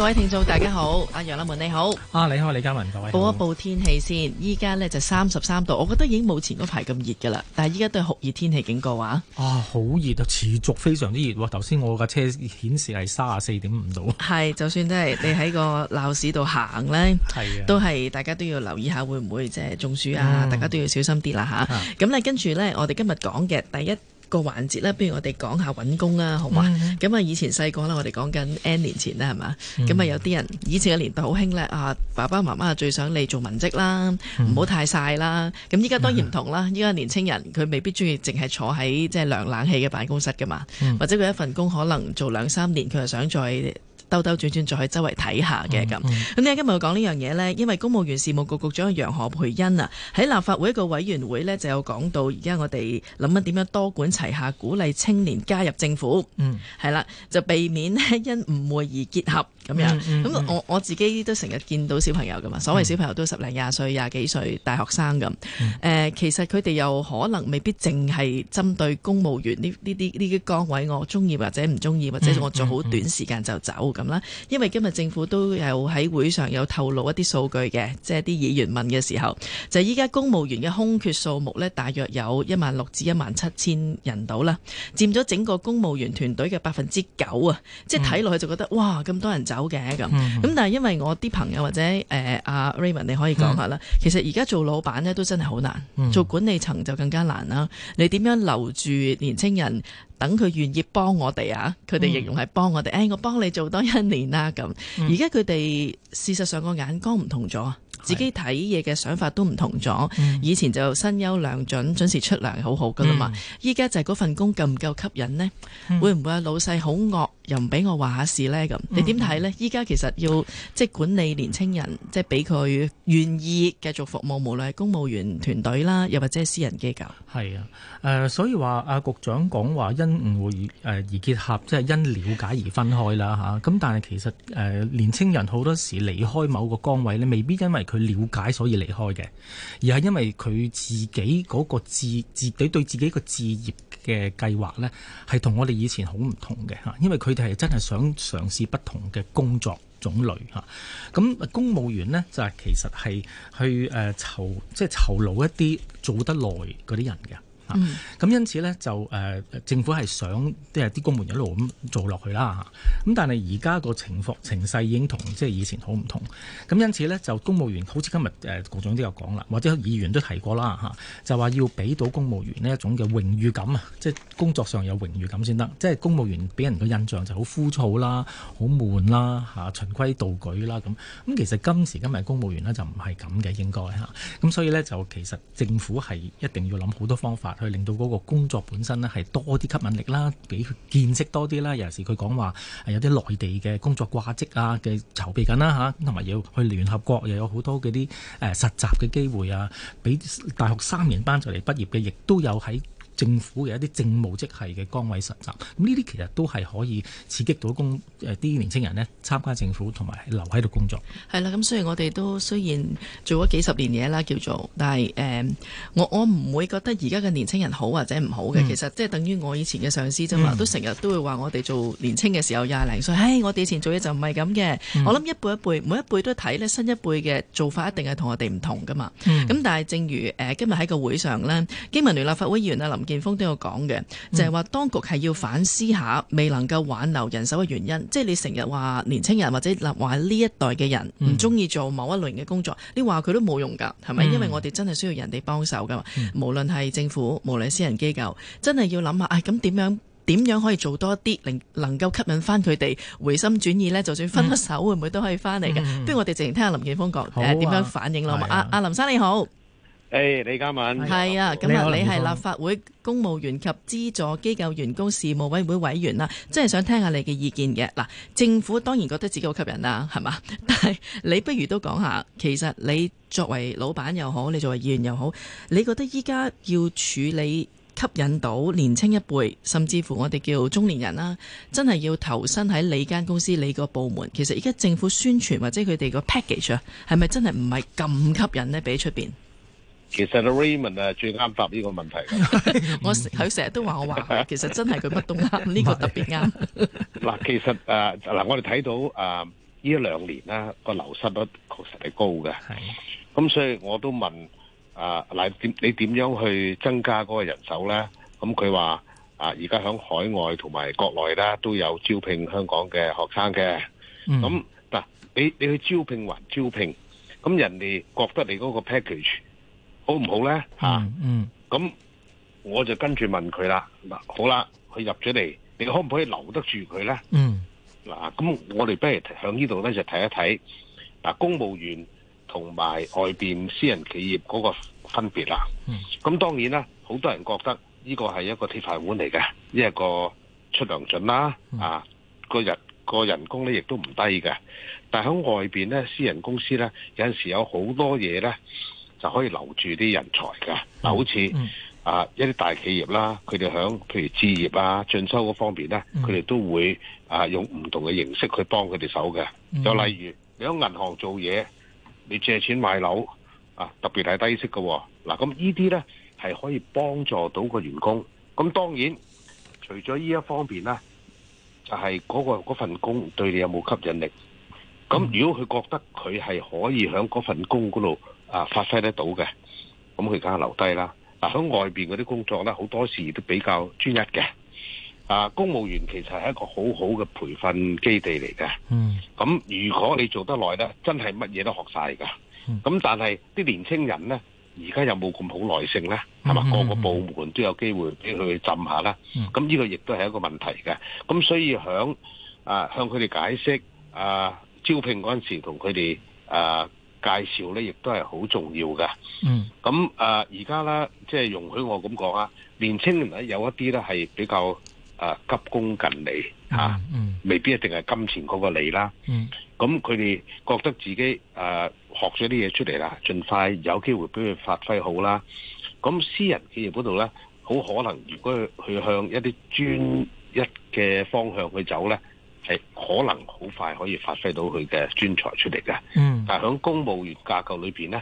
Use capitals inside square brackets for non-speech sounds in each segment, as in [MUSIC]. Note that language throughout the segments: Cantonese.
各位聽眾，大家好，阿楊立門你好，啊，你好李嘉文，各位報一報天氣先，依家呢就三十三度，我覺得已經冇前嗰排咁熱噶啦，但係依家都係酷熱天氣警告啊，啊，好熱啊，持續非常之熱，頭先我架車顯示係三十四點五度，係，就算真係你喺個鬧市度行呢，係， [LAUGHS] 都係大家都要留意下會唔會即係中暑啊、嗯，大家都要小心啲啦吓，咁咧跟住呢，我哋今日講嘅第一。個環節咧，不如我哋講下揾工啦，好嘛？咁啊，以前細個啦，我哋講緊 N 年前啦，係嘛？咁啊，有啲人以前嘅年代好興咧，啊爸爸媽媽最想你做文職啦，唔好太晒啦。mm-hmm.。咁依家當然唔同啦，依家 mm-hmm. 年青人佢未必中意淨係坐喺即係涼冷氣嘅辦公室噶嘛，mm -hmm. 或者佢一份工可能做兩三年，佢又想再。兜兜轉轉再去周圍睇下嘅咁，咁、嗯、你、嗯、今日講呢樣嘢呢？因為公務員事務局局,局長楊學培恩啊，喺立法會一個委員會呢，就有講到而家我哋諗緊點樣多管齊下，鼓勵青年加入政府，係、嗯、啦，就避免因誤會而結合咁、嗯、樣。咁、嗯嗯、我我自己都成日見到小朋友噶嘛，所謂小朋友都十零廿歲、廿、嗯、幾歲大學生咁。誒、嗯呃，其實佢哋又可能未必淨係針對公務員呢呢啲呢啲崗位，我中意或者唔中意，或者我做好短時間就走。嗯嗯咁啦，因為今日政府都有喺會上有透露一啲數據嘅，即係啲議員問嘅時候，就係依家公務員嘅空缺數目咧，大約有一萬六至一萬七千人到啦，佔咗整個公務員團隊嘅百分之九啊，即係睇落去就覺得、嗯、哇，咁多人走嘅咁，咁但係因為我啲朋友或者誒阿、啊、Raymond 你可以講下啦、嗯，其實而家做老闆咧都真係好難，做管理層就更加難啦，你點樣留住年青人？等佢願意幫我哋啊，佢哋形容係幫我哋。誒、嗯哎，我幫你做多一年啦、啊。咁而家佢哋事實上個眼光唔同咗，自己睇嘢嘅想法都唔同咗、嗯。以前就身優良準、嗯、準時出糧，好好噶啦嘛。依、嗯、家就係嗰份工夠唔夠吸引呢？嗯、會唔會有老細好惡？又唔俾我話下事呢？咁、嗯，你點睇呢？依家其實要即係管理年青人，即係俾佢願意繼續服務，無論係公務員團隊啦，又或者係私人機構。係啊，誒，所以話阿局長講話，因誤會而結合，即係因了解而分開啦嚇。咁但係其實誒年青人好多時離開某個崗位，你未必因為佢了解所以離開嘅，而係因為佢自己嗰個自己對自己個志業。嘅計劃呢係同我哋以前好唔同嘅吓，因為佢哋係真係想嘗試不同嘅工作種類吓。咁公務員呢，就係其實係去誒酬，即係酬勞一啲做得耐嗰啲人嘅。咁、嗯、因此呢，就、呃、政府係想即係啲公務員一路咁做落去啦嚇，咁但係而家個情況情勢已經同即係以前好唔同，咁因此呢，就公務員好似今日誒局長都有講啦，或者議員都提過啦嚇就話要俾到公務員呢一種嘅榮譽感啊，即係工作上有榮譽感先得，即係公務員俾人嘅印象就好枯燥啦、好悶啦嚇、循規蹈矩啦咁，咁其實今時今日公務員呢，就唔係咁嘅應該嚇，咁所以呢，就其實政府係一定要諗好多方法。去令到嗰個工作本身呢係多啲吸引力啦，俾佢見識多啲啦。尤其是他說有時佢講話有啲內地嘅工作掛職啊嘅籌備緊啦嚇，同埋要去聯合國又有好多嗰啲誒實習嘅機會啊，俾大學三年班就嚟畢業嘅，亦都有喺政府嘅一啲政務職系嘅崗位實習，咁呢啲其實都係可以刺激到公誒啲、呃、年青人呢參加政府同埋留喺度工作。係啦，咁雖然我哋都雖然做咗幾十年嘢啦，叫做，但係誒、呃，我我唔會覺得而家嘅年青人好或者唔好嘅，嗯，其實即係等於我以前嘅上司啫嘛，嗯，都成日都會話我哋做年青嘅時候廿零歲，唉，哎，我哋以前做嘢就唔係咁嘅。我諗一輩一輩，每一輩都睇呢新一輩嘅做法一定係同我哋唔同噶嘛。咁，嗯，但係正如誒，呃、今日喺個會上呢，經民聯立法會議員啦林健鋒都有講嘅，就係、是、話當局係要反思下未能夠挽留人手嘅原因，即、就、係、是、你成日話年青人或者或呢一代嘅人唔中意做某一類型嘅工作，嗯、你話佢都冇用噶，係咪、嗯？因為我哋真係需要人哋幫手噶，無論係政府，無論私人機構，真係要諗下，唉、哎，咁點樣點樣可以做多一啲，能能夠吸引翻佢哋回心轉意呢？就算分咗手，嗯、會唔會都可以翻嚟嘅？不如我哋直情聽下林健鋒講，誒點、啊呃、樣反應啦、啊？啊，阿林生你好。誒、hey,，李嘉敏係啊，咁啊，你係立法會公務員及資助機構員工事務委員會委員啦、啊，真係想聽下你嘅意見嘅嗱。政府當然覺得自己好吸引啦、啊，係嘛，但係你不如都講下，其實你作為老闆又好，你作為議員又好，你覺得依家要處理吸引到年青一輩，甚至乎我哋叫中年人啦、啊，真係要投身喺你間公司、你個部門，其實依家政府宣傳或者佢哋個 package 係咪真係唔係咁吸引呢？俾出邊？其實阿 Raymond 啊，最啱答呢個問題。我佢成日都話我話，其實真係佢乜都啱，呢個特別啱。嗱，其實誒，嗱，我哋睇到誒呢一兩年咧個流失率確實係高嘅。咁所以我都問誒嗱，點你點樣去增加嗰個人手咧？咁佢話啊，而家響海外同埋國內咧都有招聘香港嘅學生嘅。咁嗱，你你去招聘還招聘？咁人哋覺得你嗰個 package？好唔好咧？嗯，咁、嗯啊、我就跟住問佢啦。嗱，好啦，佢入咗嚟，你可唔可以留得住佢咧？嗯，嗱、啊，咁我哋不如喺呢度咧就睇一睇嗱、啊，公務員同埋外邊私人企業嗰個分別啦。咁、嗯、當然啦，好多人覺得呢個係一個鐵飯碗嚟嘅，呢一個出糧準啦、啊，啊，個人個人工咧亦都唔低嘅。但喺外邊咧，私人公司咧有陣時有好多嘢咧。就可以留住啲人才嘅，好似、嗯、啊一啲大企業啦，佢哋響譬如置業啊、進修嗰方面呢，佢、嗯、哋都會啊用唔同嘅形式去幫佢哋手嘅。就例如你喺銀行做嘢，你借錢買樓啊，特別係低息嘅嗱、喎。咁呢啲呢係可以幫助到個員工。咁當然，除咗呢一方面呢，就係、是、嗰、嗰個嗰份工對你有冇吸引力。咁如果佢覺得佢係可以喺嗰份工嗰度。啊！發揮得到嘅，咁佢梗係留低啦。嗱，喺外邊嗰啲工作咧，好多時都比較專一嘅。啊，公務員其實係一個好好嘅培訓基地嚟嘅。嗯。咁如果你做得耐咧，真係乜嘢都學曬㗎。嗯。咁但係啲年青人咧，而家有冇咁好耐性咧？係嘛，個個部門都有機會俾佢去浸下啦。嗯。咁呢個亦都係一個問題嘅。咁所以響啊，向佢哋解釋啊，招聘嗰陣時同佢哋啊。介紹咧，亦都係好重要嘅。嗯，咁啊，而家咧，即係容許我咁講啊，年青人咧有一啲咧係比較啊、呃、急功近利嚇、啊，嗯，未必一定係金錢嗰個利啦。嗯，咁佢哋覺得自己啊、呃、學咗啲嘢出嚟啦，盡快有機會俾佢發揮好啦。咁私人企業嗰度咧，好可能如果佢向一啲專一嘅方向去走咧。嗯係可能好快可以發揮到佢嘅專才出嚟嘅，嗯，但係喺公務員架構裏邊呢，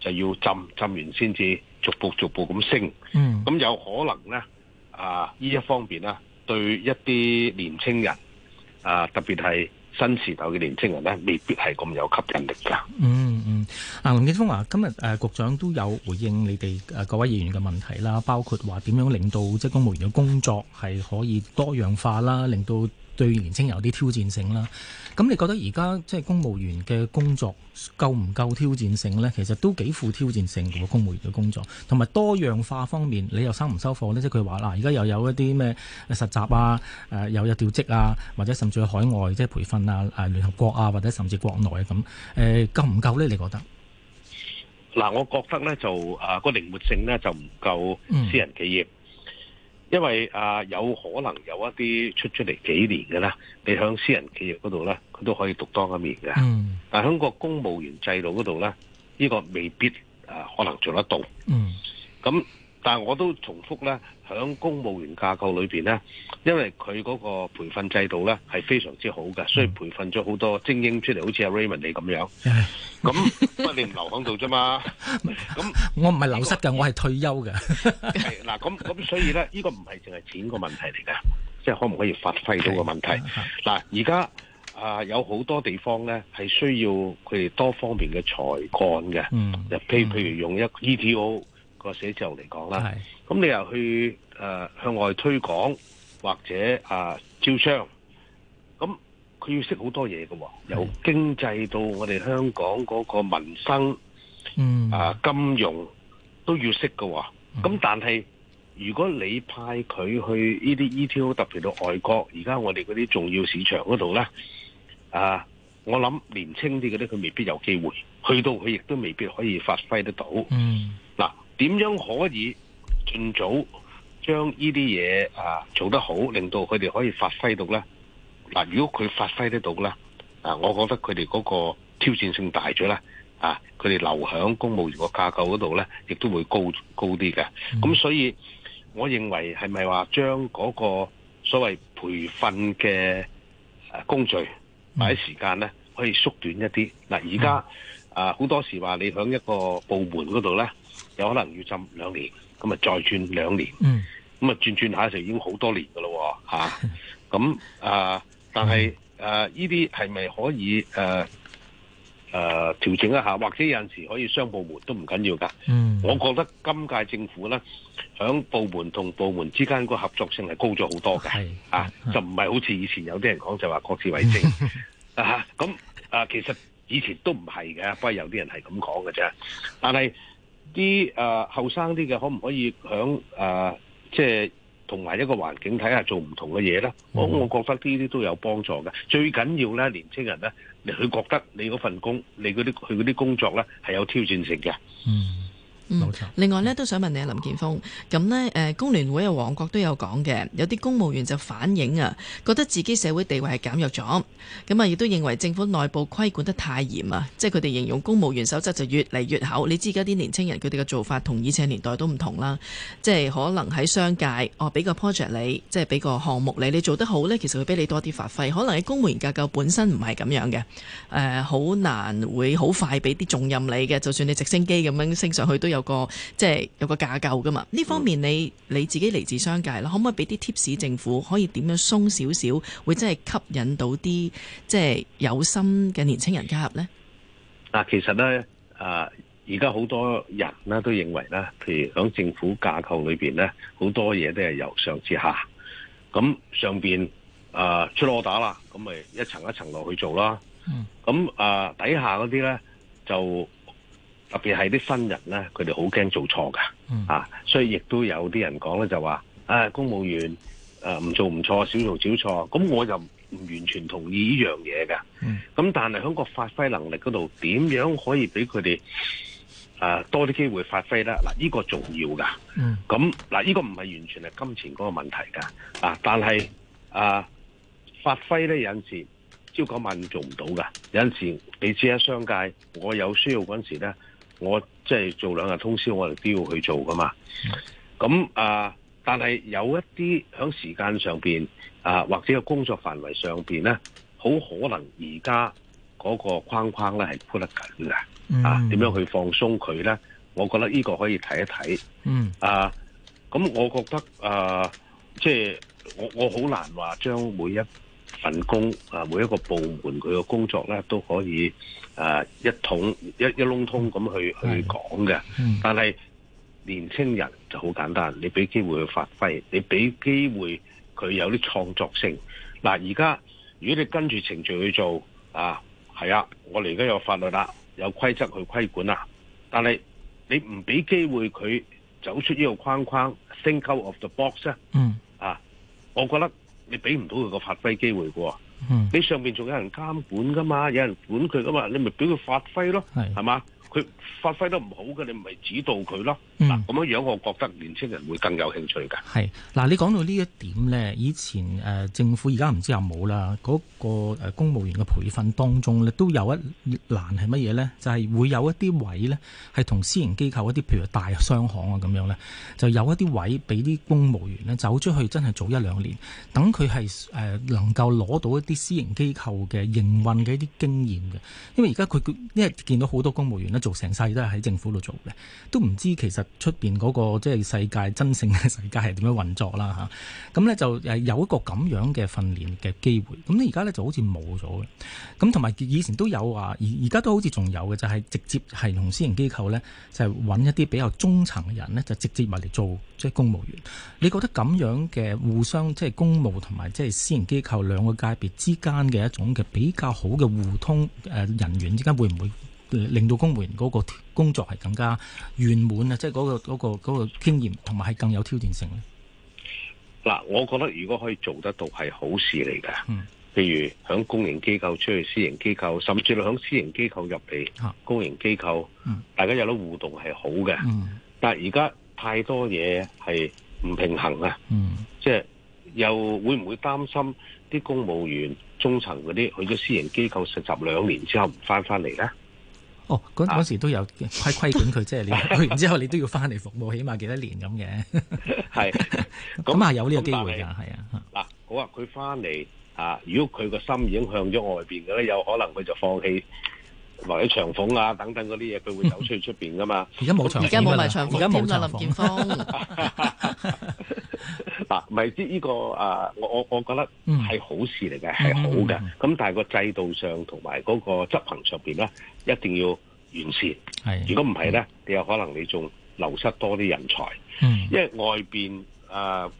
就要浸浸完先至逐步逐步咁升，嗯，咁有可能呢，啊，呢一方面呢，對一啲年青人啊，特別係新時代嘅年青人呢，未必係咁有吸引力㗎。嗯嗯，啊林健鋒話、啊：今日誒、呃、局長都有回應你哋誒、呃、各位議員嘅問題啦，包括話點樣令到即係公務員嘅工作係可以多樣化啦，令到。對年青人有啲挑戰性啦，咁你覺得而家即係公務員嘅工作夠唔夠挑戰性呢？其實都幾富挑戰性嘅公務員嘅工作，同埋多樣化方面，你又收唔收貨呢？即係佢話嗱，而家又有一啲咩實習啊，誒又有調職啊，或者甚至去海外即係培訓啊，誒聯合國啊，或者甚至國內咁，誒、呃、夠唔夠呢？你覺得？嗱，我覺得呢，就誒、個靈活性呢，就唔夠私人企業。嗯。因為啊，有可能有一啲出出嚟幾年嘅咧，你喺私人企業嗰度咧，佢都可以獨當一面嘅。嗯，但喺個公務員制度嗰度咧，呢、這個未必、啊、可能做得到。嗯，咁、嗯。但係我都重複咧，喺公務員架構裏邊咧，因為佢嗰個培訓制度咧係非常之好嘅，所以培訓咗好多精英出嚟，好似阿 Raymond 你咁樣。咁 [LAUGHS] 你唔留喺度啫嘛？咁我唔係流失嘅，我係、呢個、退休嘅。嗱咁咁，所以咧，呢、呢個唔係淨係錢個問題嚟嘅，即係可唔可以發揮到個問題？嗱，而家啊有好多地方咧係需要佢哋多方面嘅才幹嘅、嗯，譬如譬如用一 ETO。個寫作嚟講啦，咁你又去誒、呃、向外推廣或者啊、呃、招商，咁佢要識好多嘢嘅喎，由經濟到我哋香港嗰個民生，嗯、啊金融都要識㗎喎。咁、嗯、但係如果你派佢去呢啲 ETO 特別到外國，而家我哋嗰啲重要市場嗰度咧，啊，我諗年輕啲嘅咧佢未必有機會去到，佢亦都未必可以發揮得到。嗱、嗯。點樣可以盡早將呢啲嘢啊做得好，令到佢哋可以發揮到呢？嗱、啊，如果佢發揮得到呢，啊，我覺得佢哋嗰個挑戰性大咗呢，啊，佢哋留喺公務員個架構嗰度呢，亦都會高高啲嘅。咁、嗯、所以，我認為係咪話將嗰個所謂培訓嘅工序擺、嗯、時間呢，可以縮短一啲？嗱、啊，而家、嗯、啊好多時話你喺一個部門嗰度呢。有可能要浸兩年，咁啊再轉兩年，咁、嗯、啊轉轉下就已經好多年噶咯，吓、啊、咁、嗯、啊，但係誒呢啲係咪可以誒誒、啊啊、調整一下，或者有陣時可以雙部門都唔緊要噶。嗯，我覺得今屆政府咧，響部門同部門之間個合作性係高咗、啊嗯、好多嘅，係啊，就唔係好似以前有啲人講就話各自為政啊吓咁、嗯、 [LAUGHS] 啊，其實以前都唔係嘅，不過有啲人係咁講嘅啫，但係。啲誒後生啲嘅可唔可以響誒即係同埋一個環境睇下做唔同嘅嘢咧？我我覺得呢啲都有幫助嘅。最緊要咧，年輕人咧，佢覺得你嗰份工，你嗰啲佢啲工作咧係有挑戰性嘅。嗯。嗯、另外呢，都想問你啊，林健鋒。咁呢，誒，工聯會啊，黃國都有講嘅，有啲公務員就反映啊，覺得自己社會地位係減弱咗。咁啊，亦都認為政府內部規管得太嚴啊，即係佢哋形容公務員守則就越嚟越厚。你知而家啲年青人佢哋嘅做法同以前年代都唔同啦，即係可能喺商界，我、哦、俾個 project 你，即係俾個項目你，你做得好呢，其實會俾你多啲發揮。可能喺公務員架構本身唔係咁樣嘅，好、呃、難會好快俾啲重任你嘅。就算你直升機咁樣升上去，都有。有個即係有個架構噶嘛？呢方面你你自己嚟，自商界啦，可唔可以俾啲 tips 政府可以點樣鬆少少，會真係吸引到啲即係有心嘅年青人加入呢？嗱，其實呢，啊、呃，而家好多人呢，都認為呢，譬如響政府架構裏邊呢，好多嘢都係由上至下，咁上邊啊、呃、出攞打啦，咁咪一層一層落去做啦。嗯，咁、嗯、啊、呃、底下嗰啲呢，就。特別係啲新人咧，佢哋好驚做錯噶、嗯，啊，所以亦都有啲人講咧，就話啊，公務員誒唔、呃、做唔錯，少做少錯，咁我就唔完全同意呢樣嘢噶。咁、嗯嗯、但係喺個發揮能力嗰度，點樣可以俾佢哋誒多啲機會發揮咧？嗱，呢個重要噶。咁、嗯、嗱，呢、嗯呢個唔係完全係金錢嗰個問題噶，啊，但係啊、呃，發揮咧有陣時朝九晚五做唔到噶，有陣時你知喺商界，我有需要嗰陣時咧。我即係做兩日通宵，我哋都要去做噶嘛。咁啊、呃，但係有一啲響時間上邊啊、呃，或者個工作範圍上邊咧，好可能而家嗰個框框咧係 put 得緊嘅、mm. 啊。點樣去放鬆佢咧？我覺得呢個可以睇一睇。嗯、mm. 啊、呃，咁我覺得、呃、即係我我好難話將每一。份工啊，每一個部門佢嘅工作咧都可以誒、啊、一統一一籠通咁去去講嘅，但係年青人就好簡單，你俾機會去發揮，你俾機會佢有啲創作性嗱。啊、而家如果你跟住程序去做啊，係啊，我哋而家有法律啦，有規則去規管啦，但係你唔俾機會佢走出呢個框框、mm.，think out of the box 啊，啊，我覺得。你俾唔到佢個發揮機會喎、嗯，你上邊仲有人監管噶嘛，有人管佢噶嘛？你咪俾佢發揮咯，係嘛？是佢發揮得唔好嘅，你唔咪指導佢咯。嗱、嗯，咁樣樣我覺得年青人會更有興趣嘅。係嗱，你講到呢一點咧，以前誒、呃、政府而家唔知有冇啦，嗰、那、誒、個呃、公務員嘅培訓當中咧，都有一欄係乜嘢咧？就係、是、會有一啲位咧，係同私營機構一啲，譬如大商行啊咁樣咧，就有一啲位俾啲公務員咧走出去，真係早一兩年，等佢係誒能夠攞到一啲私營機構嘅營運嘅一啲經驗嘅。因為而家佢因為見到好多公務員咧。做成世都係喺政府度做嘅，都唔知其實出邊嗰個即係世界真正嘅世界係點樣運作啦吓。咁、啊、咧就誒有一個咁樣嘅訓練嘅機會，咁你而家咧就好似冇咗嘅。咁同埋以前都有啊，而而家都好似仲有嘅，就係、是，直接係同私營機構咧，就係、是，揾一啲比較中層嘅人咧，就直接埋嚟做即係、就是，公務員。你覺得咁樣嘅互相即係、就是，公務同埋即係私營機構兩個界別之間嘅一種嘅比較好嘅互通誒人員之間會唔會？令到公務員嗰個工作係更加圓滿啊！即係嗰個嗰個嗰個經驗同埋係更有挑戰性咧。嗱，我覺得如果可以做得到係好事嚟噶。嗯。譬如響公營機構出去私營機構，甚至係響私營機構入嚟公營機構，啊嗯、大家有得互動係好嘅。嗯。但係而家太多嘢係唔平衡啊。嗯。即係又會唔會擔心啲公務員中層嗰啲去咗私營機構實習兩年之後唔翻翻嚟咧？哦，嗰嗰時都有規規管佢，即係你去完之後你都要翻嚟服務， [LAUGHS] 起碼幾多年咁嘅。係， [LAUGHS] 咁那啊 [LAUGHS] 有呢個機會㗎，係啊。嗱，好啊佢翻嚟啊，如果佢個心已經向咗外邊嘅咧，有可能佢就放棄埋喺長俸啊等等嗰啲嘢，佢會走出去出邊㗎嘛。而家冇長俸，而家冇埋而家冇啦，林健鋒。 [LAUGHS] 嗱、啊，咪知呢個啊，我我我覺得係好事嚟嘅，係、嗯、好嘅。咁、嗯嗯、但係個制度上同埋嗰個執行上面咧，一定要完善。如果唔係咧，你有可能你仲流失多啲人才。嗯，因為外邊誒、啊、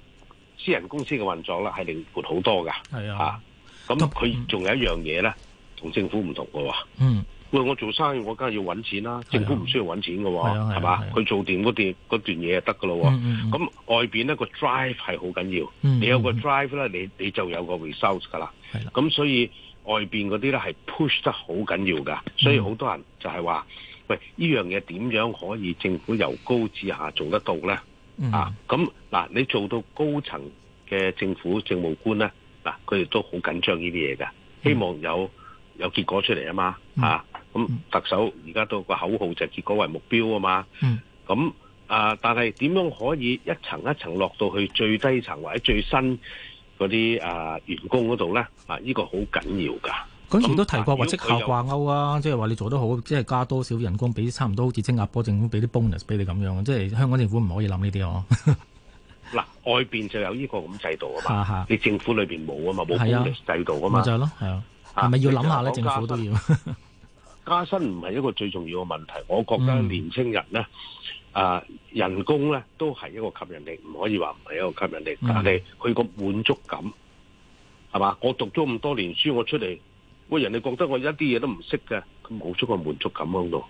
私人公司嘅運作呢係靈活好多㗎。係啊，嚇，咁佢仲有一樣嘢咧，同政府唔同㗎喎。嗯。嗯嗯。喂，我做生意，我梗係要揾錢啦。政府唔需要揾錢喎，係嘛、啊？佢、啊啊啊、做掂嗰段嗰段嘢就得喇咯。咁、mm -hmm. 外邊咧個 drive 係好緊要，mm -hmm. 你有個 drive 咧，你你就有個 result 噶啦。咁、mm -hmm. 所以外邊嗰啲咧係 push 得好緊要㗎。所以好多人就係話：mm -hmm. 喂，呢樣嘢點樣可以政府由高至下做得到咧？Mm -hmm. 啊，咁嗱，你做到高層嘅政府政務官咧，嗱，佢哋都好緊張呢啲嘢㗎，希望有、mm -hmm. 有結果出嚟啊嘛，啊 mm -hmm. 咁、嗯、特首而家都個口號就係結果為目標啊嘛，咁、嗯、啊但係點、呃、樣可以一層一層落到去最低層或者最新嗰啲啊員工嗰度咧啊？呢個好緊要噶。咁而都提過或績效掛鈎啊，即係話你做得好，即、就、係、是、加多少人工，俾差唔多好似新加坡政府俾啲 bonus 俾你咁樣，即、就、係、是、香港政府唔可以諗呢啲哦。嗱、呃，外邊就有呢個咁制度啊嘛、啊，你政府裏邊冇啊嘛，冇呢啲制度啊嘛，咪、啊、就係、是、咯，係咪、啊啊、要諗下咧、啊？政府都要、啊。加薪唔係一個最重要嘅問題，我覺得年青人咧、嗯、啊，人工咧都係一個吸引力，唔可以話唔係一個吸引力。嗯、但係佢個滿足感係嘛？我讀咗咁多年書，我出嚟，如果人哋覺得我一啲嘢都唔識嘅，佢冇咗個滿足感喺度。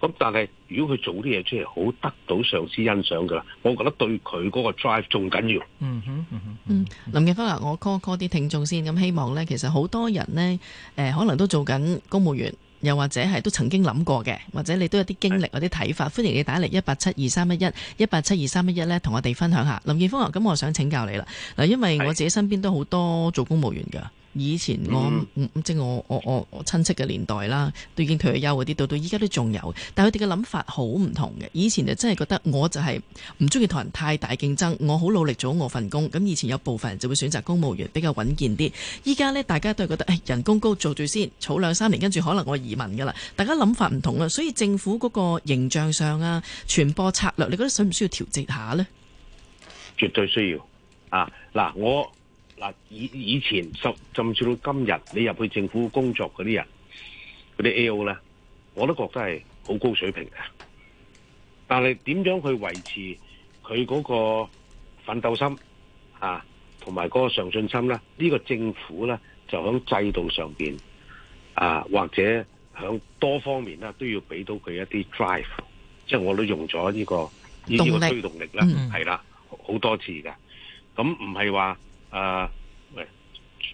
咁、啊、但係如果佢做啲嘢出嚟，好得到上司欣賞噶啦，我覺得對佢嗰個 drive 仲緊要。嗯哼，嗯哼，嗯。林健鋒啊，我 call call 啲聽眾先，咁希望咧，其實好多人咧誒、呃，可能都做緊公務員。又或者係都曾經諗過嘅，或者你都有啲經歷，有啲睇法，歡迎你打嚟一八七二三一一一八七二三一一咧，同我哋分享下。林健鋒啊，咁我想請教你啦，嗱，因為我自己身邊都好多做公務員㗎。以前我、嗯、即係我我我我親戚嘅年代啦，都已經退休嗰啲，到到依家都仲有。但係佢哋嘅諗法好唔同嘅。以前就真係覺得我就係唔中意同人太大競爭，我好努力做我份工。咁以前有部分人就會選擇公務員比較穩健啲。依家呢，大家都係覺得、哎、人工高做住先，儲兩三年，跟住可能我移民噶啦。大家諗法唔同啦，所以政府嗰個形象上啊，傳播策略，你覺得需唔需要調節下呢？絕對需要啊！嗱，我。嗱，以以前甚至到今日，你入去政府工作啲人，啲 A.O. 咧，我都覺得係好高水平嘅。但係點樣去維持佢個奮鬥心啊，同埋個上進心咧？呢、這個政府咧就響制度上邊啊，或者響多方面咧都要俾到佢一啲 drive，即係我都用咗呢、這個呢、這個推動力啦，係、嗯、啦，好多次嘅，咁唔係話。啊喂，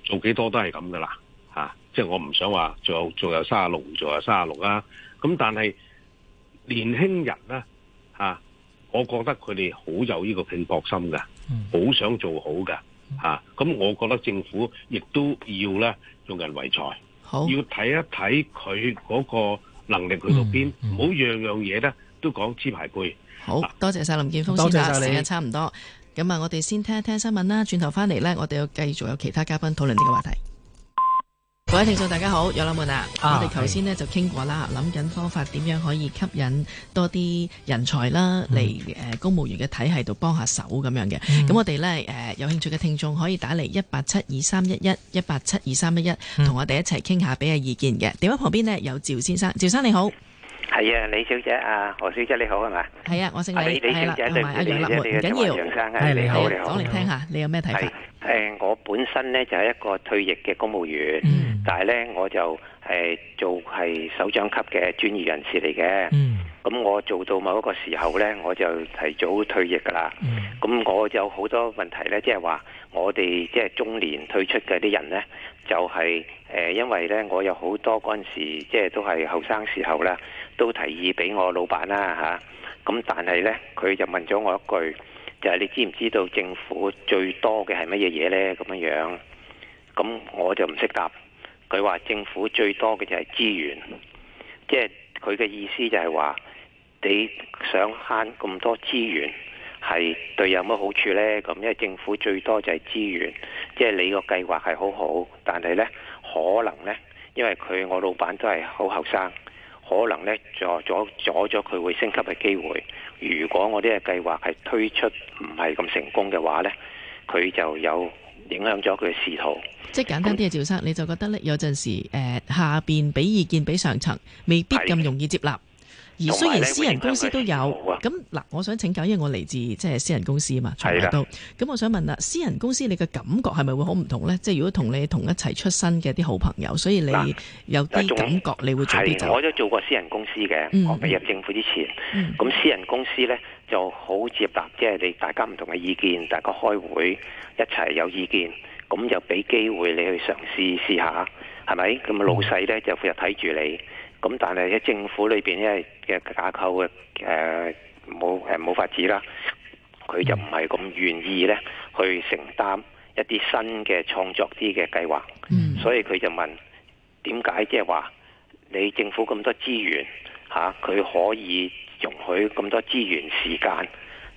做幾多都係咁噶啦，吓、啊，即係我唔想話做做又三十六，唔做又三十六啊。咁、啊、但係年輕人咧，吓、啊，我覺得佢哋好有呢個拼搏心噶，好、嗯、想做好噶，吓、啊。咁我覺得政府亦都要咧，用人唯才，好，要睇一睇佢嗰個能力去到邊，唔、嗯、好、嗯、樣樣嘢咧都講資排輩。好、啊、謝謝多謝晒林健鋒先生，時間差唔多。咁啊，我哋先聽一聽新聞啦。轉頭翻嚟，呢，我哋要繼續有其他嘉賓討論呢個話題。各位聽眾，大家好，有啦門啊。我哋頭先呢就傾過啦，諗緊方法點樣可以吸引多啲人才啦，嚟、嗯、誒、呃、公務員嘅體系度幫下手咁樣嘅。咁、嗯、我哋呢，誒、呃、有興趣嘅聽眾可以打嚟一八七二三一一一八七二三一一，同我哋一齊傾下，俾啊意見嘅。電、嗯、話旁邊呢，有趙先生，趙生你好。係啊，李小姐啊，何小姐你好係嘛？係啊，我姓李係啦，唔、啊、緊、啊、要。楊生係你好，你好。講、啊、聽下、嗯，你有咩睇法？誒、啊，我本身咧就係、是、一個退役嘅公務員，嗯、但係咧我就係做係首長級嘅專業人士嚟嘅。咁、嗯、我做到某一個時候咧，我就提早退役噶啦。咁、嗯、我有好多問題咧，即係話我哋即係中年退出嘅啲人咧，就係、是。誒，因為咧，我有好多嗰陣時，即係都係後生時候啦、就是，都提議俾我老闆啦嚇。咁但係咧，佢就問咗我一句，就係、是、你知唔知道政府最多嘅係乜嘢嘢咧？咁樣樣，咁我就唔識答。佢話政府最多嘅就係資源，即係佢嘅意思就係話，你想慳咁多資源，係對有乜好處咧？咁因為政府最多就係資源，即、就、係、是、你個計劃係好好，但係咧。可能呢，因為佢我老闆都係好後生，可能呢，阻阻阻咗佢會升級嘅機會。如果我啲嘅計劃係推出唔係咁成功嘅話呢，佢就有影響咗佢嘅仕途。即係簡單啲啊，趙生，你就覺得呢，有陣時誒、呃、下邊俾意見俾上層未必咁容易接納。而雖然私人公司都有，咁嗱，我想請教，因為我嚟自即係私人公司啊嘛，係啦都。咁我想問啦，私人公司你嘅感覺係咪會好唔同咧？即係如果同你同一齊出身嘅啲好朋友，所以你有啲感覺，你會做啲就我都做過私人公司嘅，我未入政府之前。咁、嗯、私人公司咧就好接納，即係你大家唔同嘅意見，大家開會一齊有意見，咁就俾機會你去嘗試試下，係咪？咁老細咧就負責睇住你。咁但係喺政府裏邊咧嘅架構嘅誒冇誒冇法子啦，佢就唔係咁願意咧去承擔一啲新嘅創作啲嘅計劃，所以佢就問點解即係話你政府咁多資源吓，佢、啊、可以容許咁多資源時間，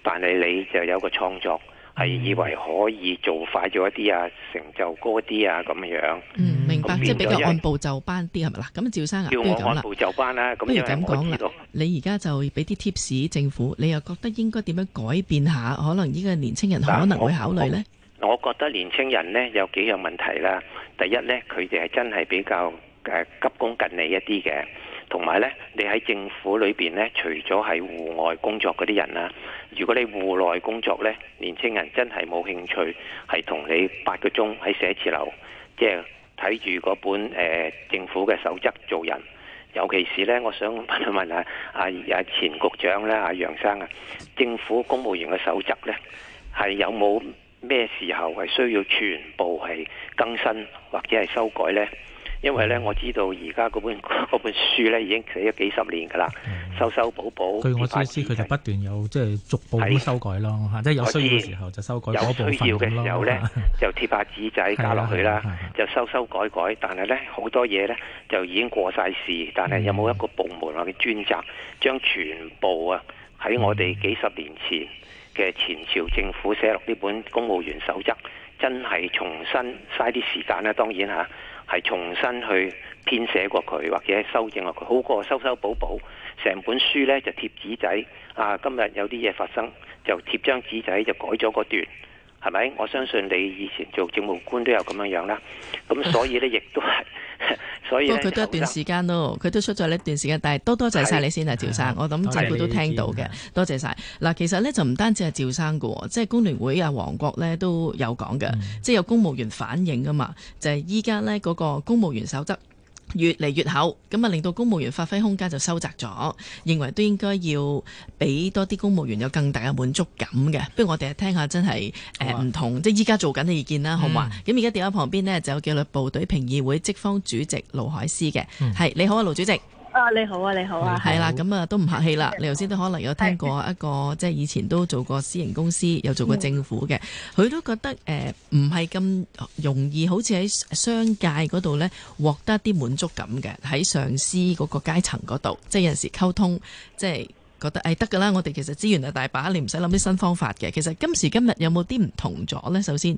但係你就有個創作？係以為可以做快咗一啲啊，成就高啲啊，咁樣。嗯，明白，即係比較按部就班啲，係咪啦？咁啊，趙生又端咗啦。要我按部就班啦，不如咁講啦。你而家就俾啲 tips 政府，你又覺得應該點樣改變下？可能呢個年青人可能會考慮咧。我覺得年青人咧有幾樣問題啦。第一咧，佢哋係真係比較誒急功近利一啲嘅。同埋咧，你喺政府裏面咧，除咗係戶外工作嗰啲人啦、啊，如果你戶內工作咧，年青人真係冇興趣係同你八個鐘喺寫字樓，即係睇住嗰本、呃、政府嘅守則做人。尤其是咧，我想問一問啊啊前局長啦、啊，阿楊生啊，政府公務員嘅守則咧，係有冇咩時候係需要全部係更新或者係修改咧？因為咧，我知道而家嗰本嗰本書咧已經寫咗幾十年噶啦，修修補補。據我所知，佢就不斷有即係、就是、逐步修改咯，即係有需要嘅時候就修改，有需要嘅時候咧 [LAUGHS] 就貼紙下紙仔加落去啦，就修修改改。是是但係咧好多嘢咧就已經過晒時，但係有冇一個部門或嘅專責將全部啊喺我哋幾十年前嘅前朝政府寫落呢本公務員守則，真係重新嘥啲時間咧，當然嚇。係重新去編寫過佢，或者修正落佢，好過修修補補。成本書呢就貼紙仔，啊，今日有啲嘢發生，就貼張紙仔就改咗個段。係咪？我相信你以前做政務官都有咁樣樣啦，咁所以呢，亦都係， [LAUGHS] 所以不過佢都係一段時間咯，佢、嗯、都出咗一段時間，但係多多謝晒你先啊，趙生，的我諗政府都聽到嘅，多謝晒。嗱、啊，其實呢，就唔單止係趙生嘅，即係工聯會啊，黃國呢都有講嘅、嗯，即係有公務員反映㗎嘛，就係依家呢嗰、嗰個公務員守則。越嚟越厚，咁啊令到公務員發揮空間就收窄咗，認為都應該要俾多啲公務員有更大嘅滿足感嘅。不如我哋聽下真係唔同，啊、即係依家做緊嘅意見啦，好嘛？咁而家電話旁邊呢，就有紀律部隊評議會職方主席盧凱詩嘅，係、嗯、你好啊，盧主席。啊！你好啊，你好啊，係啦，咁啊都唔客氣啦。你頭先都可能有聽過一個，即係以前都做過私營公司，有做過政府嘅，佢、嗯、都覺得誒唔係咁容易，好似喺商界嗰度呢，獲得一啲滿足感嘅，喺上司嗰個階層嗰度，即係有時溝通，即係覺得誒得噶啦。我哋其實資源係大把，你唔使諗啲新方法嘅。其實今時今日有冇啲唔同咗呢？首先。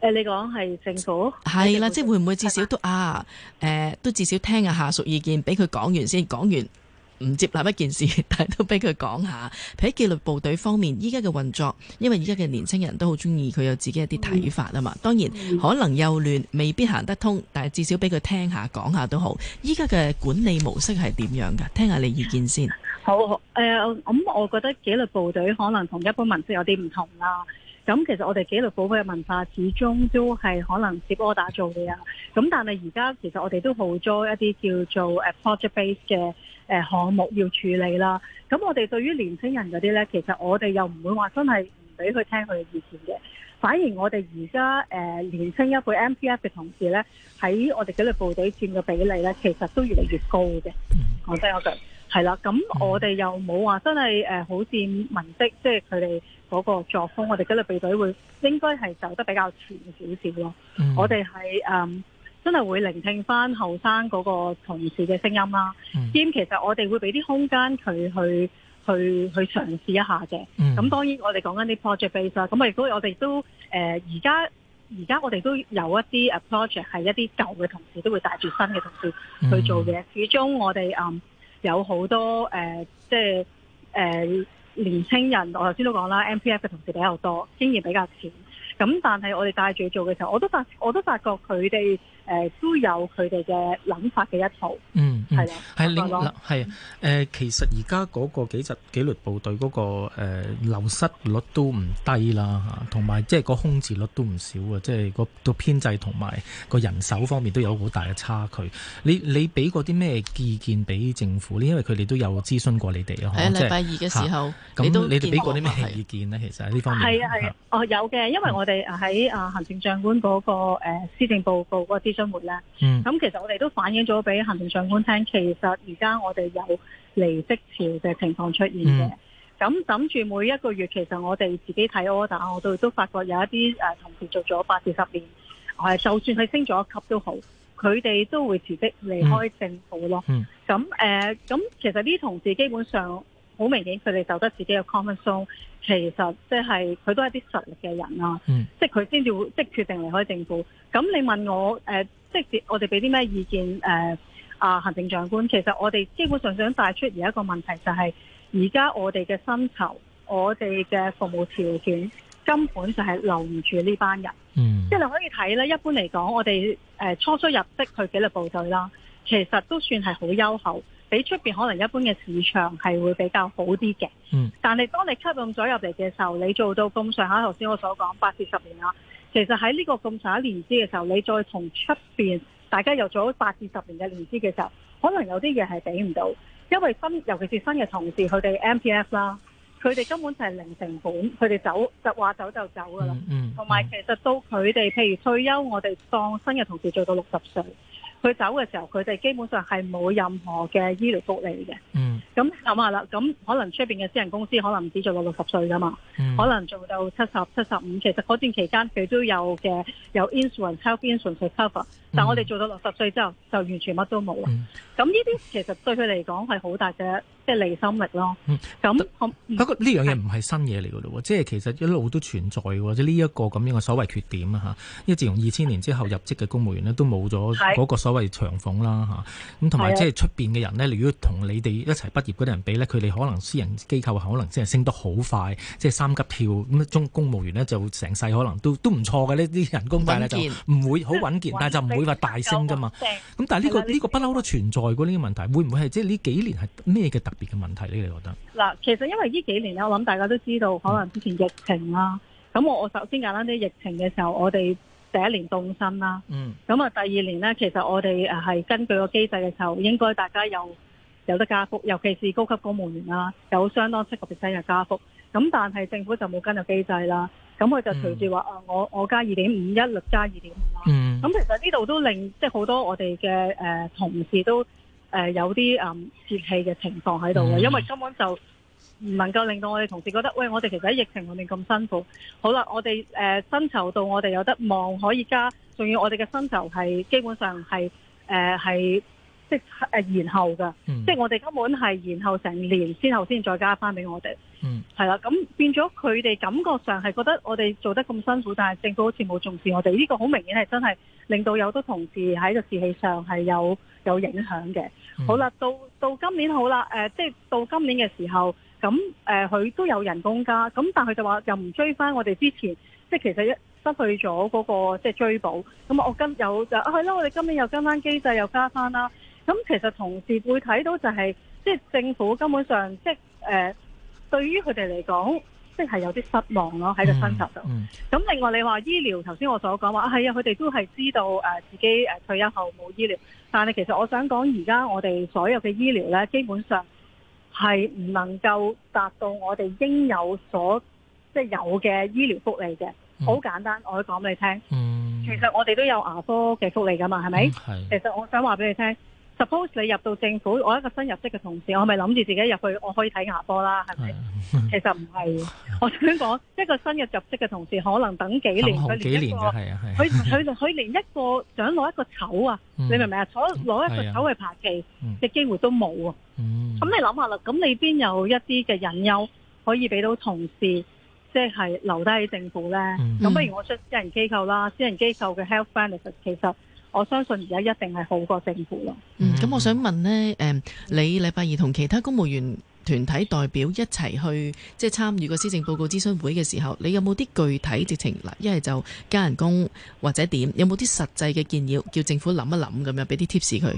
誒、呃，你講係政府係啦，即係會唔會至少都啊？誒、呃，都至少聽下下屬意見，俾佢講完先，講完唔接納一件事，但係都俾佢講下。譬如喺紀律部隊方面，依家嘅運作，因為依家嘅年輕人都好中意佢有自己一啲睇法啊嘛、嗯。當然、嗯、可能又亂，未必行得通，但係至少俾佢聽下講下都好。依家嘅管理模式係點樣噶？聽下你意見先。好，好，誒，咁、呃、我覺得紀律部隊可能同一般文職有啲唔同啦。咁其實我哋紀律部隊嘅文化始終都係可能接 order 打做嘅啊！咁但係而家其實我哋都好多一啲叫做誒 project base 嘅誒項目要處理啦。咁我哋對於年輕人嗰啲咧，其實我哋又唔會話真係唔俾佢聽佢嘅意見嘅。反而我哋而家誒年輕一輩 M P F 嘅同事咧，喺我哋紀律部隊佔嘅比例咧，其實都越嚟越高嘅。講、嗯、真，我就係啦。咁我哋又冇話真係誒、呃、好似文職，即係佢哋。嗰、那個作風，我哋紀律部隊會應該係走得比較前少少咯。Mm. 我哋係誒真係會聆聽翻後生嗰個同事嘅聲音啦。兼、mm. 其實我哋會俾啲空間佢去去去，去嘗試一下嘅。咁、mm. 當然我哋講緊啲 project base 啦。咁亦都我哋都誒而家而家我哋都有一啲 project 係一啲舊嘅同事都會帶住新嘅同事去做嘅。Mm. 始終我哋誒、呃、有好多誒、呃、即係誒。呃年青人，我頭先都講啦，MPF 嘅同事比較多，經驗比較少。咁但係我哋帶住做嘅時候，我都發我都發覺佢哋。誒都有佢哋嘅諗法嘅一套，嗯，係、嗯、啦，係另外係誒、其實而家嗰個紀實紀律部隊嗰、嗰個、呃、流失率都唔低啦，吓、同埋即係個空置率都唔少啊，即係個個編制同埋個人手方面都有好大嘅差距。你你俾過啲咩意見俾政府呢？因為佢哋都有諮詢過你哋、欸、啊，禮拜二嘅時候，咁、啊、你哋俾過啲咩意見呢？其實喺呢方面係啊係啊，哦有嘅，因為我哋喺啊行政長官嗰個施、嗯啊、政報告嗰啲。生活咧，咁其實我哋都反映咗俾行政長官聽，其實而家我哋有離職潮嘅情況出現嘅。咁諗住每一個月，其實我哋自己睇 order，我都都，都發覺有一啲誒、呃、同事做咗八至十年，係、呃、就算佢升咗一級都好，佢哋都會辭職離開政府咯。咁、嗯、誒，咁、嗯呃、其實啲同事基本上。好明顯，佢哋就得自己嘅 comfort zone。其實即係佢都係啲實力嘅人啦、嗯，即係佢先至會即決定離開政府。咁你問我、呃、即係我哋俾啲咩意見、呃、啊行政長官？其實我哋基本上想帶出而一個問題、就係，就係而家我哋嘅薪酬、我哋嘅服務條件根本就係留唔住呢班人。嗯、即係你可以睇咧，一般嚟講，我哋誒、呃、初初入職去紀律部隊啦，其實都算係好優厚。比出邊可能一般嘅市場係會比較好啲嘅、嗯，但係當你吸引咗入嚟嘅時候，你做到咁上下，頭先我所講八至十年啦，其實喺呢個咁上年資嘅時候，你再同出邊大家又做咗八至十年嘅年資嘅時候，可能有啲嘢係畀唔到，因為新尤其是新嘅同事佢哋 MPF 啦，佢哋根本就係零成本，佢哋走就話走就走㗎啦。嗯，同、嗯、埋其實到佢哋譬如退休，我哋當新嘅同事做到六十歲。佢走嘅時候，佢哋基本上係冇任何嘅醫療福利嘅。嗯，咁諗下啦，咁可能出邊嘅私人公司可能唔止做到六、六十歲噶嘛、嗯，可能做到七十、七十五。其實嗰段期間佢都有嘅，有 insurance、health insurance to cover。但我哋做到六十歲之後，就完全乜都冇啦。咁呢啲其實對佢嚟講係好大嘅即係離心力咯。咁、嗯嗯、不過呢樣嘢唔係新嘢嚟嘅咯，即係其實一路都存在嘅喎，呢一個咁樣嘅所謂缺點啊嚇。因為自從二千年之後入職嘅公務員咧，都冇咗嗰個所謂長俸啦嚇。咁同埋即係出邊嘅人咧，如果同你哋一齊畢業嗰啲人比呢，佢哋可能私人機構可能先係升得好快，即係三級跳。咁。公務員呢，就成世可能都都唔錯嘅呢啲人工費咧就唔會好穩，穩健，但係就唔。會話大升㗎嘛？咁但係、呢個、呢個呢、呢個不嬲都存在過呢啲問題，會唔會係即係呢幾年係咩嘅特別嘅問題呢？你覺得？嗱，其實因為呢幾年我諗大家都知道，可能之前疫情啦，咁我我首先簡單啲疫情嘅時候，我哋第一年凍薪啦，嗯，咁啊第二年咧，其實我哋係根據個機制嘅時候，應該大家有有得加幅，尤其是高級公務員啦，有相當適合別生嘅加幅，咁但係政府就冇跟入機制啦。咁佢就隨住話啊，我我加二點五一律加二點五啦。咁、嗯、其實呢度都令即係好多我哋嘅誒同事都誒、呃、有啲誒泄氣嘅情況喺度嘅，因為根本就唔能夠令到我哋同事覺得，喂，我哋其實喺疫情裏面咁辛苦，好啦，我哋誒薪酬到我哋有得望可以加，仲要我哋嘅薪酬係基本上係誒係。呃即係、呃、延後㗎、嗯，即係我哋根本係延後成年，先後先再加翻俾我哋。係、嗯、啦，咁變咗佢哋感覺上係覺得我哋做得咁辛苦，但係政府好似冇重視我哋。呢、這個好明顯係真係令到有啲同事喺個士氣上係有有影響嘅、嗯。好啦，到到今年好啦，誒、呃，即係到今年嘅時候，咁誒佢都有人工加，咁但係就話又唔追翻我哋之前，即係其實一失去咗嗰、那個即係追補。咁我今有就係咯、啊，我哋今年又跟翻機制又加翻啦。咁其實同時會睇到就係、是、即係政府根本上即係誒對於佢哋嚟講，即係、呃、有啲失望咯喺個薪酬度。咁、嗯嗯、另外你話醫療，頭先我所講話係啊，佢、哎、哋都係知道誒、呃、自己誒、呃、退休後冇醫療。但係其實我想講而家我哋所有嘅醫療咧，基本上係唔能夠達到我哋應有所即係有嘅醫療福利嘅。好簡單，我講俾你聽、嗯。其實我哋都有牙科嘅福利噶嘛，係咪？係、嗯。其實我想話俾你聽。suppose 你入到政府，我一個新入職嘅同事，我係咪諗住自己入去我可以睇牙科啦？係咪？ [LAUGHS] 其實唔係。我想講，一個新嘅入職嘅同事，可能等幾年佢連一個，佢佢佢連一個想攞一個籌啊， [LAUGHS] 你明唔明啊？攞一個籌去排期，嘅 [LAUGHS] [LAUGHS] 機會都冇啊。咁、 [LAUGHS] 嗯、你諗下啦，咁你邊有一啲嘅隱憂可以俾到同事，即係留低喺政府呢？咁 [LAUGHS] 不如我出私人機構啦，私人機構嘅 health f i n a n 其實。我相信而家一定係好過政府咯。嗯，咁我想問呢，誒，你禮拜二同其他公務員團體代表一齊去，即係參與個施政報告諮詢會嘅時候，你有冇啲具體直情？嗱？一係就加人工或者點？有冇啲實際嘅建議叫政府諗一諗咁樣，俾啲 tips 佢？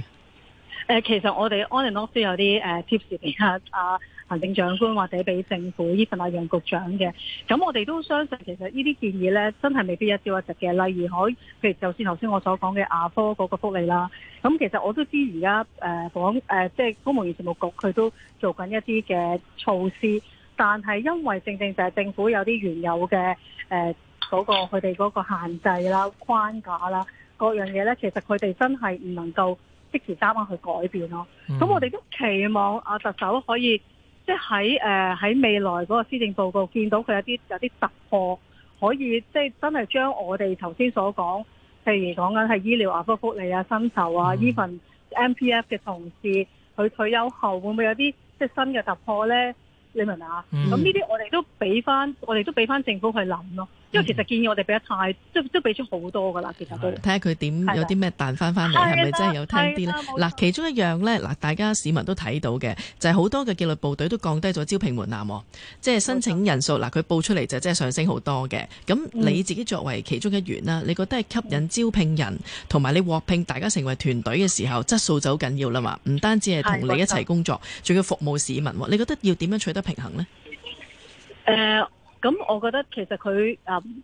誒，其實我哋 on and off 都有啲誒 tips 俾下啊。行政長官或者俾政府依份阿楊局長嘅，咁我哋都相信其實呢啲建議咧，真係未必一朝一夕嘅。例如可，譬如就算頭先我所講嘅牙科嗰個福利啦，咁其實我都知而家誒講誒，即、呃、係公務員事務局佢都做緊一啲嘅措施，但係因為正正就係政府有啲原有嘅誒嗰個佢哋嗰個限制啦、框架啦，各樣嘢咧，其實佢哋真係唔能夠即時單單去改變咯。咁、嗯、我哋都期望阿特首可以。即喺誒喺未來嗰個施政報告見到佢有啲有啲突破，可以即係真係將我哋頭先所講，譬如講緊係醫療啊、福利啊、薪酬啊，呢份 MPF 嘅同事佢退休後會唔會有啲即係新嘅突破咧？你明唔明啊？咁呢啲我哋都俾翻，我哋都俾翻政府去諗咯。因為其實建議我哋俾得太，都都俾好多噶啦，其實睇下佢點有啲咩彈翻翻嚟，係咪真係有聽啲啦嗱，其中一樣咧，嗱，大家市民都睇到嘅就係、是、好多嘅紀律部隊都降低咗招聘門檻，即、就、係、是、申請人數嗱，佢報出嚟就真係上升好多嘅。咁你自己作為其中一員啦、嗯，你覺得係吸引招聘人同埋你獲聘，大家成為團隊嘅時候，質素就好緊要啦嘛。唔單止係同你一齊工作，仲要服務市民。你覺得要點樣取得平衡呢？誒、呃。咁我覺得其實佢，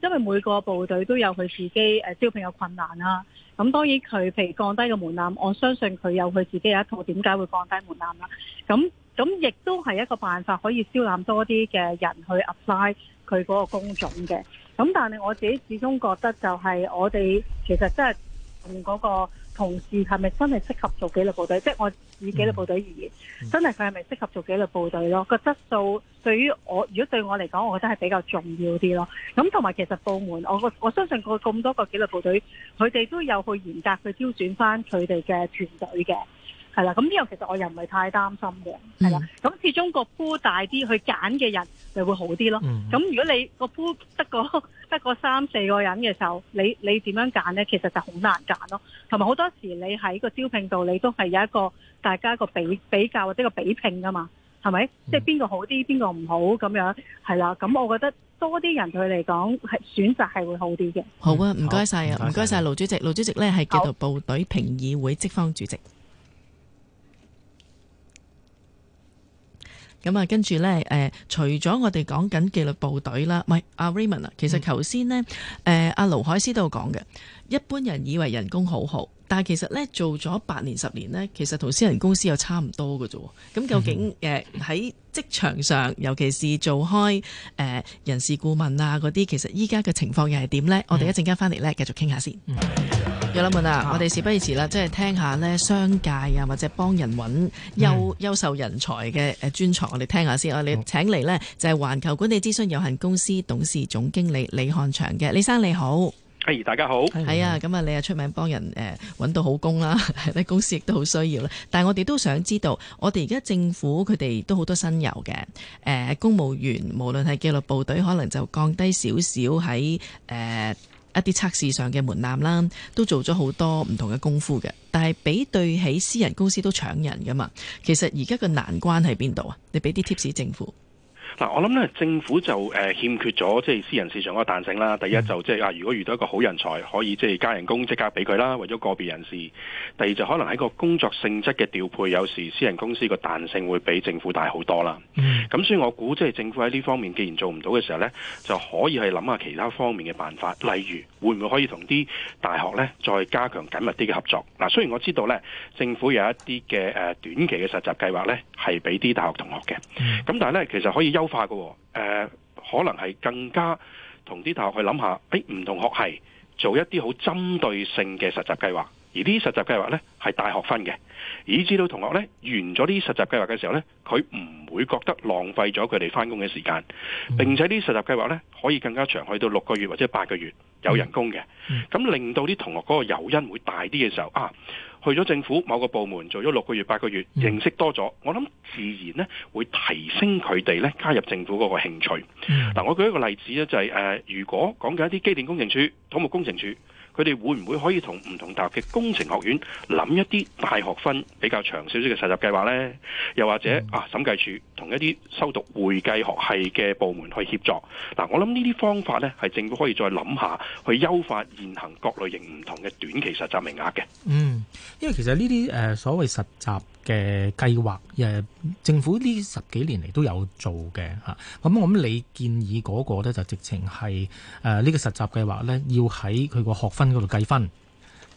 因為每個部隊都有佢自己誒招聘嘅困難啦。咁當然佢譬如降低個門檻，我相信佢有佢自己有一套點解會降低門檻啦。咁咁亦都係一個辦法，可以招攬多啲嘅人去 apply 佢嗰個工種嘅。咁但係我自己始終覺得就係我哋其實真係同嗰個。同事係咪真係適合做紀律部隊？即係我以紀律部隊而言，真係佢係咪適合做紀律部隊咯？個質素對於我，如果對我嚟講，我覺得係比較重要啲咯。咁同埋其實部門，我我相信個咁多個紀律部隊，佢哋都有去嚴格去挑選翻佢哋嘅團隊嘅。係啦，咁、這、呢個其實我又唔係太擔心嘅。係、嗯、啦，咁始終個 pool 大啲，去揀嘅人咪會好啲咯。咁、嗯、如果你個 pool 得個得三四個人嘅時候，你你點樣揀呢？其實就好難揀咯。同埋好多時你喺個招聘度，你都係有一個大家一個比比較或者個比拼噶嘛？係咪、嗯？即係邊個好啲，邊個唔好咁樣？係啦，咁我覺得多啲人對佢嚟講係選擇係會好啲嘅。好啊，唔該晒啊，唔該晒。盧主席，盧主席呢係叫做部隊評議會職方主席。咁、呃、啊，跟住呢，除咗我哋講緊紀律部隊啦，唔係阿 Raymond 啊，其實頭先呢，阿盧凱詩都有講嘅。一般人以為人工好好，但其實呢，做咗八年十年呢，其實同私人公司又差唔多嘅啫。咁究竟喺職、嗯呃、場上，尤其是做開、呃、人事顧問啊嗰啲，其實依家嘅情況又係點呢？嗯、我哋一陣間翻嚟呢，繼續傾下先。嗯嘅啦，問啊，我哋事不宜遲啦，即係聽下咧，商界啊，或者幫人揾優優秀人才嘅、誒專才，我哋聽下先，我哋請嚟咧就係環球管理諮詢有限公司董事總經理李漢祥嘅李生，你好。係、hey，大家好。係啊，咁啊，你啊出名幫人誒揾到好工啦，你公司亦都好需要啦。但係我哋都想知道，我哋而家政府佢哋都好多新遊嘅誒公務員，無論係紀律部隊，可能就降低少少喺。誒。呃一啲測試上嘅門檻啦，都做咗好多唔同嘅功夫嘅，但係比對起私人公司都搶人噶嘛。其實而家嘅難關喺邊度啊？你俾啲貼士政府。嗱，我諗咧，政府就誒、呃、欠缺咗即係私人市場嗰個彈性啦。第一就即、是、係啊，如果遇到一個好人才，可以即係加人工、即加俾佢啦，為咗個別人士。第二就可能喺個工作性質嘅調配，有時私人公司個彈性會比政府大好多啦。咁所以我估即係政府喺呢方面既然做唔到嘅時候呢，就可以去諗下其他方面嘅辦法，例如會唔會可以同啲大學呢再加強緊密啲嘅合作。嗱、啊，雖然我知道呢政府有一啲嘅、呃、短期嘅實習計劃呢係俾啲大學同學嘅，咁但係呢其實可以化嘅誒，可能係更加同啲大學去諗下，誒、欸、唔同學系做一啲好針對性嘅實習計劃，而啲實習計劃呢係大學分嘅，以至到同學呢完咗啲實習計劃嘅時候呢，佢唔會覺得浪費咗佢哋翻工嘅時間，並且啲實習計劃呢可以更加長，去到六個月或者八個月有人工嘅，咁、嗯、令到啲同學嗰個誘因會大啲嘅時候啊。去咗政府某個部門做咗六個月八個月，認識多咗，我諗自然咧會提升佢哋咧加入政府嗰個興趣。嗱、嗯，我舉一個例子咧、就是，就係誒如果講緊一啲機電工程署、土木工程署，佢哋會唔會可以同唔同大學嘅工程學院諗一啲大學分比較長少少嘅實習計劃咧？又或者、嗯、啊，審計署同一啲修讀會計學系嘅部門去協助。嗱，我諗呢啲方法咧係政府可以再諗下去優化現行各類型唔同嘅短期實習名額嘅。嗯。因為其實呢啲誒所謂實習嘅計劃，政府呢十幾年嚟都有做嘅嚇。咁我諗你建議嗰個咧就直情係誒呢個實習計劃咧，要喺佢個學分嗰度計分。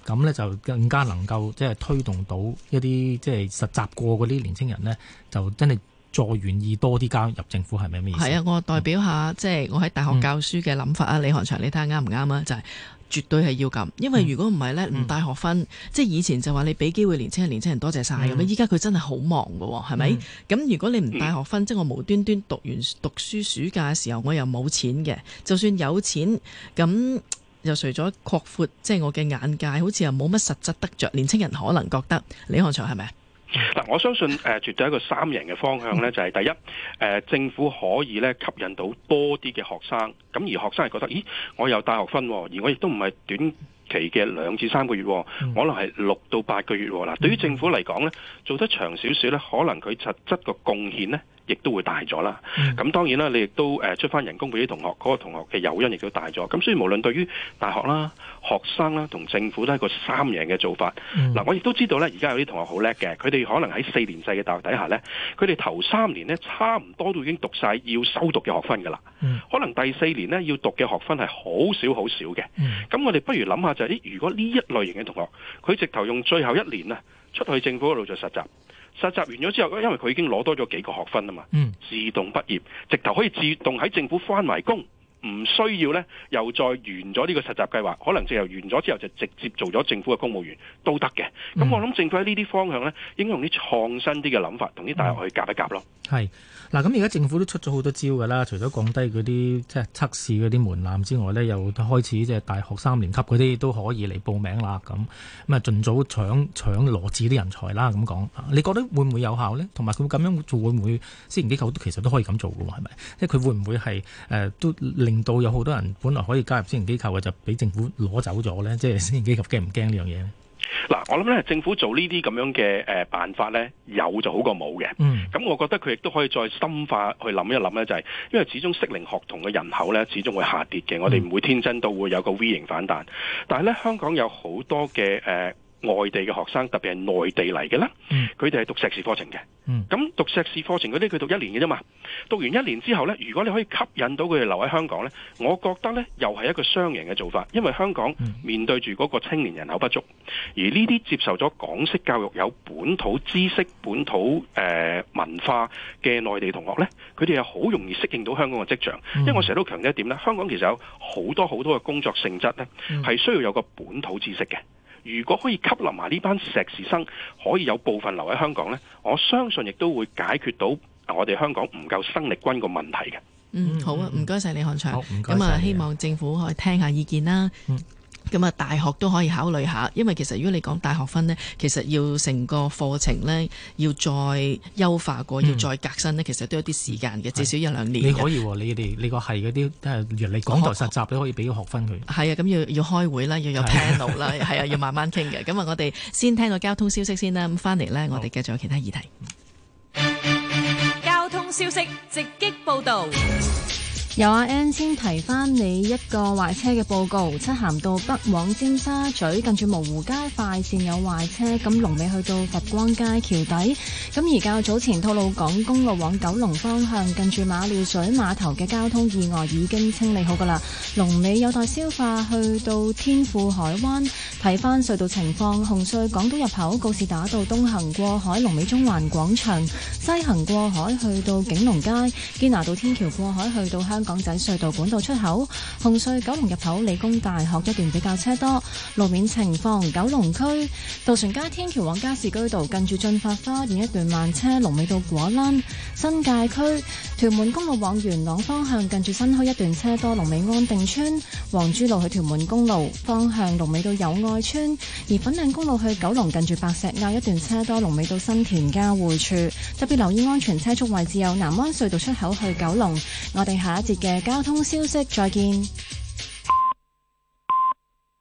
咁咧就更加能夠即係推動到一啲即係實習過嗰啲年青人咧，就真係再願意多啲加入政府，係咪意思？係啊，我代表下即係、嗯就是、我喺大學教書嘅諗法啊、嗯，李漢祥，你睇下啱唔啱啊？就係、是。絕對係要咁，因為如果唔係呢，唔帶學分，嗯嗯、即係以前就話你俾機會年青人，年青人多謝晒。咁、嗯、樣。依家佢真係好忙喎，係咪？咁、嗯、如果你唔帶學分，即、嗯、係、就是、我無端端讀完讀書暑假嘅時候，我又冇錢嘅。就算有錢，咁又除咗擴闊即係、就是、我嘅眼界，好似又冇乜實質得着。年青人可能覺得，李漢祥係咪？嗱，我相信誒、呃、絕對一個三贏嘅方向咧，就係、是、第一，誒、呃、政府可以咧，吸引到多啲嘅學生，咁而學生係覺得，咦，我有大學分、哦，而我亦都唔係短期嘅兩至三個月、哦，可能係六到八個月、哦。嗱，對於政府嚟講咧，做得長少少咧，可能佢實質個貢獻咧。亦都會大咗啦，咁、嗯、當然啦，你亦都誒、呃、出翻人工俾啲同學，嗰、嗰個同學嘅誘因亦都大咗，咁所以無論對於大學啦、學生啦同政府都係、個三贏嘅做法。嗱、嗯啊，我亦都知道咧，而家有啲同學好叻嘅，佢哋可能喺四年制嘅大學底下咧，佢哋頭三年咧差唔多都已經讀晒要修讀嘅學分噶啦、嗯，可能第四年咧要讀嘅學分係好少好少嘅，咁、嗯、我哋不如諗下就係、係，如果呢一類型嘅同學，佢直頭用最後一年啊出去政府嗰度做實習。實習完咗之後，因為佢已經攞多咗幾個學分啊嘛，自動畢業，直頭可以自動喺政府翻埋工。唔需要呢，又再完咗呢個實習計劃，可能就由完咗之後就直接做咗政府嘅公務員都得嘅。咁、嗯、我諗政府喺呢啲方向呢，應該用啲創新啲嘅諗法，同啲大學去夾一夾咯。係，嗱咁而家政府都出咗好多招㗎啦，除咗降低嗰啲即係測試嗰啲門檻之外呢，又開始即係大學三年級嗰啲都可以嚟報名啦。咁咁啊，盡早搶搶攞字啲人才啦。咁講，你覺得會唔會有效呢？同埋佢咁樣做會唔會私人機構其實都可以咁做喎？係咪？即係佢會唔會係、呃、都？令到有好多人本來可以加入私人機構嘅，就俾政府攞走咗咧。即係私人機構驚唔驚呢樣嘢咧？嗱，我諗咧，政府做呢啲咁樣嘅誒、呃、辦法咧，有就好過冇嘅。咁、嗯、我覺得佢亦都可以再深化去諗一諗咧、就是，就係因為始終適齡學童嘅人口咧，始終會下跌嘅、嗯。我哋唔會天真到會有個 V 型反彈，但係咧，香港有好多嘅誒。呃外地嘅學生，特別係內地嚟嘅啦，佢哋係讀碩士課程嘅。咁、嗯、讀碩士課程嗰啲，佢讀一年嘅啫嘛。讀完一年之後呢，如果你可以吸引到佢哋留喺香港呢，我覺得呢又係一個雙贏嘅做法，因為香港面對住嗰個青年人口不足，而呢啲接受咗港式教育、有本土知識、本土、呃、文化嘅內地同學呢，佢哋係好容易適應到香港嘅職場、嗯。因為我成日都強調一點呢，香港其實有好多好多嘅工作性質呢，係、嗯、需要有個本土知識嘅。如果可以吸納埋呢班碩士生可以有部分留喺香港呢，我相信亦都會解決到我哋香港唔夠生力軍個問題嘅。嗯，好啊，唔該晒李漢祥，咁啊希望政府可以聽下意見啦。嗯。咁啊，大學都可以考慮一下，因為其實如果你講大學分呢，其實要成個課程呢，要再優化過，嗯、要再革新呢，其實都有啲時間嘅，至少一兩年。你可以、哦啊，你哋你，你個係嗰啲誒，你港台實習都可以俾學分佢。係啊，咁要要開會啦，要有 plan 路啦，係啊，啊，啊，要慢慢傾嘅。咁啊，我哋先聽個交通消息先啦。咁翻嚟呢，我哋繼續有其他議題。交通消息直擊報導。有阿 N 先提翻你一個壞車嘅報告，漆咸道北往尖沙咀近住蕪湖街快線有壞車，咁龍尾去到佛光街橋底。咁而較早前吐露港公路往九龍方向近住馬料水碼頭嘅交通意外已經清理好噶啦，龍尾有待消化。去到天賦海灣睇翻隧道情況，紅隧港島入口告士打道東行過海，龍尾中環廣場；西行過海去到景隆街，堅拿道天橋過海去到香。香港仔隧道管道出口、紅隧九龍入口、理工大學一段比較車多，路面情況；九龍區渡船街天橋往加士居道近住駿發花園一段慢車；龍尾到果欄，新界區屯門公路往元朗方向近住新墟一段車多，龍尾安定村黃珠路去屯門公路方向龍尾到友愛村，而粉嶺公路去九龍近住白石坳一段車多，龍尾到新田交匯處，特別留意安全車速位置有南灣隧道出口去九龍，我哋下一。嘅交通消息，再見。